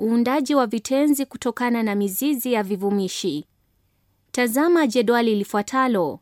Uundaji wa vitenzi kutokana na mizizi ya vivumishi. Tazama jedwali lifuatalo.